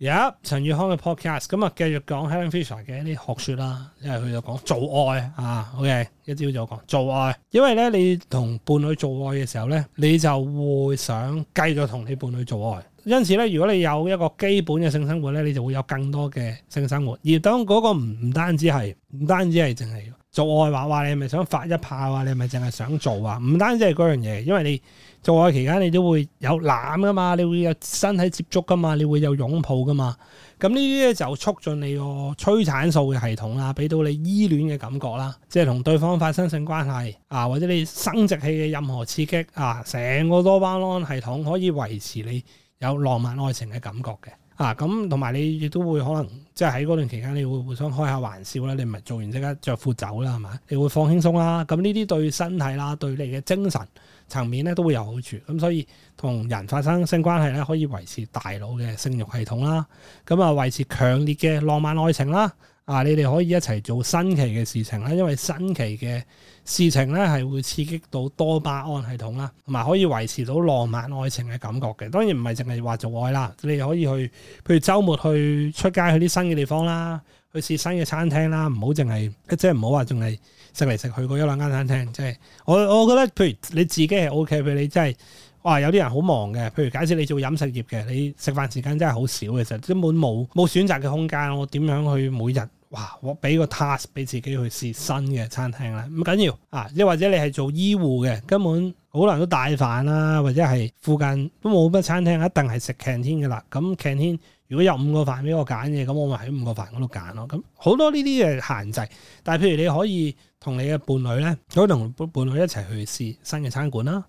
有、yep, 陳宇康嘅 podcast，咁啊繼續講 Helen Fisher 嘅一啲學說啦。因為佢就講做愛啊，OK，一朝早就講做愛。因為咧，你同伴侶做愛嘅時候咧，你就會想繼續同你伴侶做愛。因此咧，如果你有一個基本嘅性生活咧，你就會有更多嘅性生活。而當嗰個唔唔單止係，唔單止係淨係。做愛話話你係咪想發一炮啊？你係咪淨係想做啊？唔單止係嗰樣嘢，因為你做愛期間你都會有攬噶嘛，你會有身體接觸噶嘛，你會有擁抱噶嘛。咁呢啲咧就促進你個催產素嘅系統啦，俾到你依戀嘅感覺啦。即係同對方發生性關係啊，或者你生殖器嘅任何刺激啊，成個多巴胺系統可以維持你有浪漫愛情嘅感覺嘅。啊，咁同埋你亦都會可能，即係喺嗰段期間你會互相，你會想開下玩笑啦，你唔係做完即刻著褲走啦，係咪？你會放輕鬆啦，咁呢啲對身體啦，對你嘅精神層面咧都會有好處。咁所以同人發生性關係咧，可以維持大腦嘅性欲系統啦，咁啊維持強烈嘅浪漫愛情啦。啊！你哋可以一齊做新奇嘅事情啦，因為新奇嘅事情咧係會刺激到多巴胺系統啦，同埋可以維持到浪漫愛情嘅感覺嘅。當然唔係淨係話做愛啦，你哋可以去，譬如週末去出街去啲新嘅地方啦，去試新嘅餐廳啦。唔好淨係，即係唔好話淨係食嚟食去嗰一兩間餐廳。即係我我覺得，譬如你自己係 OK，譬如你真係，哇！有啲人好忙嘅，譬如假設你做飲食業嘅，你食飯時間真係好少嘅，其實根本冇冇選擇嘅空間。我點樣去每日？哇！我俾個 task 俾自己去試新嘅餐廳啦，唔緊要啊！即或者你係做醫護嘅，根本好難都帶飯啦、啊，或者係附近都冇乜餐廳，一定係食 can 天嘅啦。咁 can 天如果有五個飯俾我揀嘅，咁我咪喺五個飯嗰度揀咯。咁好多呢啲嘅限制，但係譬如你可以同你嘅伴侶咧，可以同伴侶一齊去試新嘅餐館啦。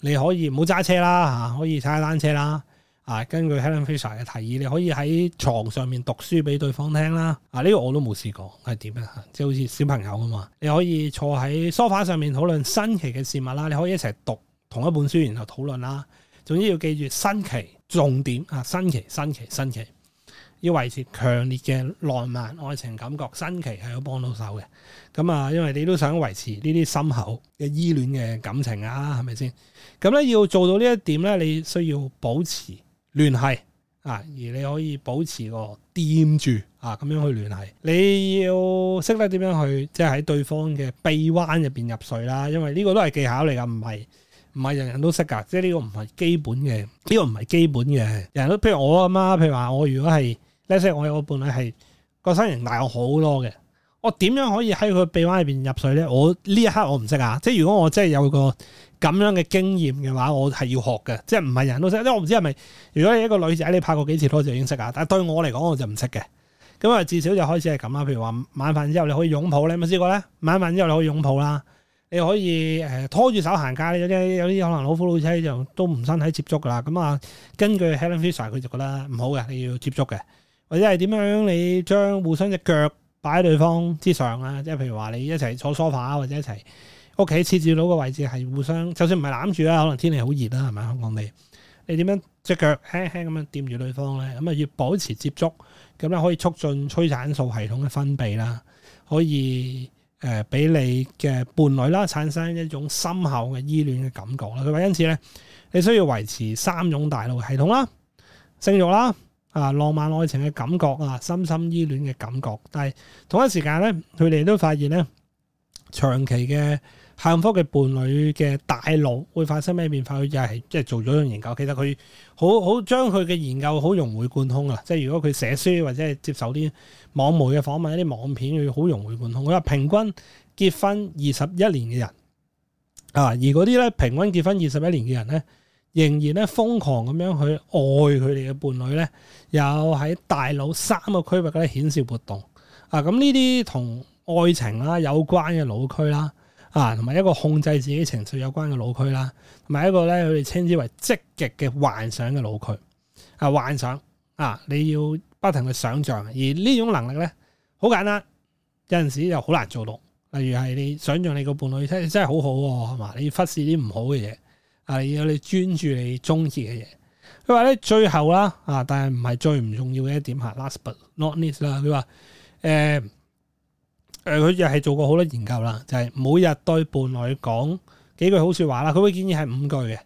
你可以唔好揸車啦，可以踩單車啦。啊，根據 Helen Fisher 嘅提議，你可以喺床上面讀書俾對方聽啦。啊，呢、這個我都冇試過，係點咧？即好似小朋友噶嘛，你可以坐喺梳化上面討論新奇嘅事物啦。你可以一齊讀同一本書，然後討論啦、啊。總之要記住新奇重點啊，新奇、新奇、新奇，要維持強烈嘅浪漫愛情感覺，新奇係有幫到手嘅。咁啊，因為你都想維持呢啲深厚嘅依戀嘅感情啊，係咪先？咁咧要做到呢一點咧，你需要保持。聯繫啊，而你可以保持個掂住啊，咁樣去聯繫。你要識得點樣去，即係喺對方嘅臂彎入面入睡啦。因為呢個都係技巧嚟㗎，唔係唔係人人都識㗎。即係呢個唔係基本嘅，呢個唔係基本嘅。人人都譬如我阿媽，譬如話我如果係，例如我有個伴侶係個身形大我好多嘅。我點樣可以喺佢臂彎入邊入睡咧？我呢一刻我唔識啊！即係如果我真係有個咁樣嘅經驗嘅話，我係要學嘅，即係唔係人都識？即我唔知係咪。如果你一個女仔，你拍過幾次拖就已經識啊！但對我嚟講，我就唔識嘅。咁啊，至少就開始係咁啊。譬如話，晚飯之後你可以擁抱你咪啊試過咧。晚飯之後你可以擁抱啦，你可以、呃、拖住手行街。有啲有啲可能老夫老妻就都唔身體接觸噶啦。咁啊，根據 Helen Fisher，佢就覺得唔好嘅，你要接觸嘅，或者係點樣？你將互相隻腳。擺喺對方之上啦，即係譬如話你一齊坐 sofa 或者一齊屋企設置到個位置係互相，就算唔係攬住啦，可能天氣好熱啦，係咪香港地？你點樣隻腳輕輕咁樣掂住對方咧？咁啊要保持接觸，咁咧可以促進催產素系統嘅分泌啦，可以誒俾你嘅伴侶啦產生一種深厚嘅依戀嘅感覺啦。佢話因此咧，你需要維持三種大腦系統啦，性欲啦。啊，浪漫愛情嘅感覺啊，深深依戀嘅感覺。但係同一時間咧，佢哋都發現咧，長期嘅幸福嘅伴侶嘅大腦會發生咩變化？佢就係即係做咗一樣研究。其實佢好好將佢嘅研究好融會貫通啊！即係如果佢寫書或者係接受啲網媒嘅訪問一啲網片，佢好融會貫通。佢話平均結婚二十一年嘅人啊，而嗰啲咧平均結婚二十一年嘅人咧。仍然咧瘋狂咁樣去愛佢哋嘅伴侶咧，又喺大腦三個區域度顯示活動啊！咁呢啲同愛情啦有關嘅腦區啦，啊同埋一個控制自己情緒有關嘅腦區啦，同、啊、埋一個咧佢哋稱之為積極嘅幻想嘅腦區啊！幻想啊，你要不停去想像，而呢種能力咧好簡單，有陣時又好難做到。例如係你想像你個伴侶真真係好好喎，係嘛？你要忽視啲唔好嘅嘢。係要你專注你中意嘅嘢。佢話咧最後啦，啊，但係唔係最唔重要嘅一點係 last but not least 啦。佢話誒誒，佢又係做過好多研究啦，就係、是、每日對伴侶講幾句好說話啦。佢會建議係五句嘅。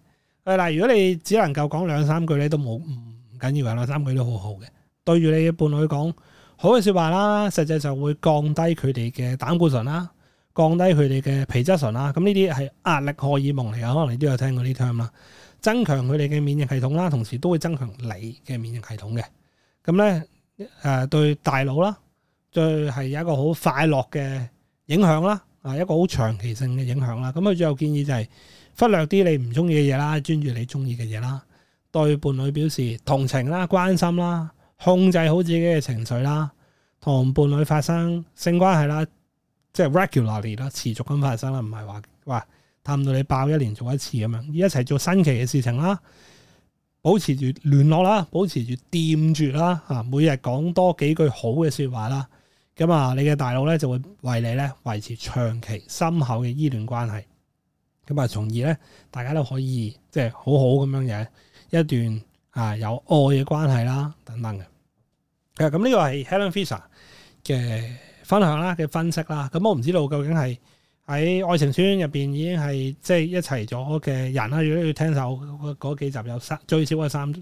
佢、啊、嗱，如果你只能夠講兩三句咧，你都冇唔緊要嘅，兩三句都好好嘅，對住你嘅伴侶講好嘅說話啦，實際上會降低佢哋嘅膽固醇啦。降低佢哋嘅皮質醇啦，咁呢啲係壓力荷爾蒙嚟噶，可能你都有聽過啲 term 啦。增強佢哋嘅免疫系統啦，同時都會增強你嘅免疫系統嘅。咁咧誒對大腦啦，就係有一個好快樂嘅影響啦，啊一個好長期性嘅影響啦。咁佢最後建議就係忽略啲你唔中意嘅嘢啦，專注你中意嘅嘢啦。對伴侶表示同情啦、關心啦，控制好自己嘅情緒啦，同伴侶發生性關係啦。即係 regularly 啦，持續咁發生啦，唔係話話探到你爆一年做一次咁樣，而一齊做新奇嘅事情啦，保持住聯絡啦，保持住掂住啦，每日講多幾句好嘅說話啦，咁啊，你嘅大腦咧就會為你咧維持長期深厚嘅依戀關係，咁啊，從而咧大家都可以即係、就是、好好咁樣嘅一段啊有愛嘅關係啦等等嘅，咁呢個係 Helen Fisher 嘅。分享啦嘅分析啦，咁我唔知道究竟係喺愛情村入邊已經係即係一齊咗嘅人啦。如果你聽首嗰幾集有三，最少係三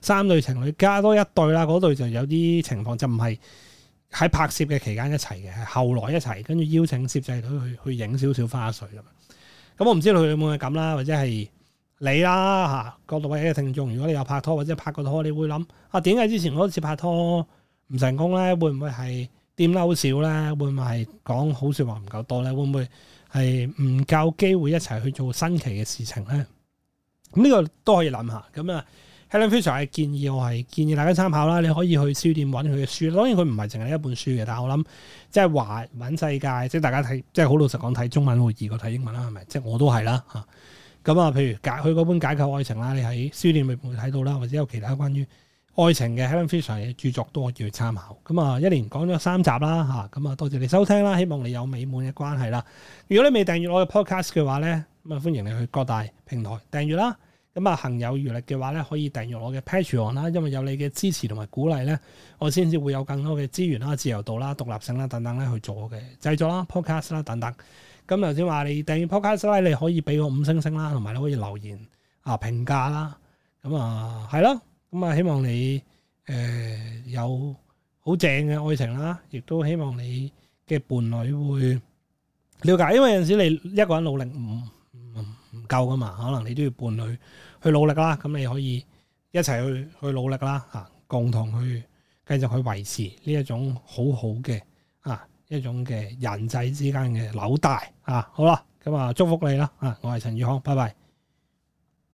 三對情侶加多一對啦，嗰對就有啲情況就唔係喺拍攝嘅期間一齊嘅，係後來一齊，跟住邀請攝製隊去去影少少花絮咁。咁我唔知道佢有冇係咁啦，或者係你啦吓，各位嘅聽眾，如果你有拍拖或者拍過拖，你會諗啊，點解之前嗰次拍拖唔成功咧？會唔會係掂好少咧？會唔會係講好說話唔夠多咧？會唔會係唔夠機會一齊去做新奇嘅事情咧？咁、這、呢個都可以諗下。咁啊 Helen Fisher 係建議，我係建議大家參考啦。你可以去書店揾佢嘅書，當然佢唔係淨係一本書嘅。但我諗即係華文世界，即係大家睇，即係好老實講睇中文會易過睇英文啦，係咪？即係我都係啦。咁啊，譬如解佢嗰本解構愛情啦，你喺書店咪會睇到啦，或者有其他關於。愛情嘅 Helen Fisher 嘅著作都可以參考。咁啊，一連講咗三集啦嚇。咁啊，多謝你收聽啦，希望你有美滿嘅關係啦。如果你未訂閱我嘅 podcast 嘅話咧，咁啊歡迎你去各大平台訂閱啦。咁、嗯、啊，行有餘力嘅話咧，可以訂閱我嘅 patreon 啦。因為有你嘅支持同埋鼓勵咧，我先至會有更多嘅資源啦、自由度啦、獨立性啦等等咧去做我嘅製作啦、podcast 啦等等。咁頭先話你訂閱 podcast 啦，你可以俾我五星星啦，同埋你可以留言啊評價啦。咁啊，係咯。咁啊，希望你誒有好正嘅愛情啦，亦都希望你嘅伴侶會了解，因為有陣時你一個人努力唔唔唔夠噶嘛，可能你都要伴侶去努力啦，咁你可以一齊去去努力啦嚇，共同去繼續去維持呢、啊、一種好好嘅啊一種嘅人際之間嘅紐帶啊，好啦，咁啊祝福你啦啊，我係陳宇康，拜拜。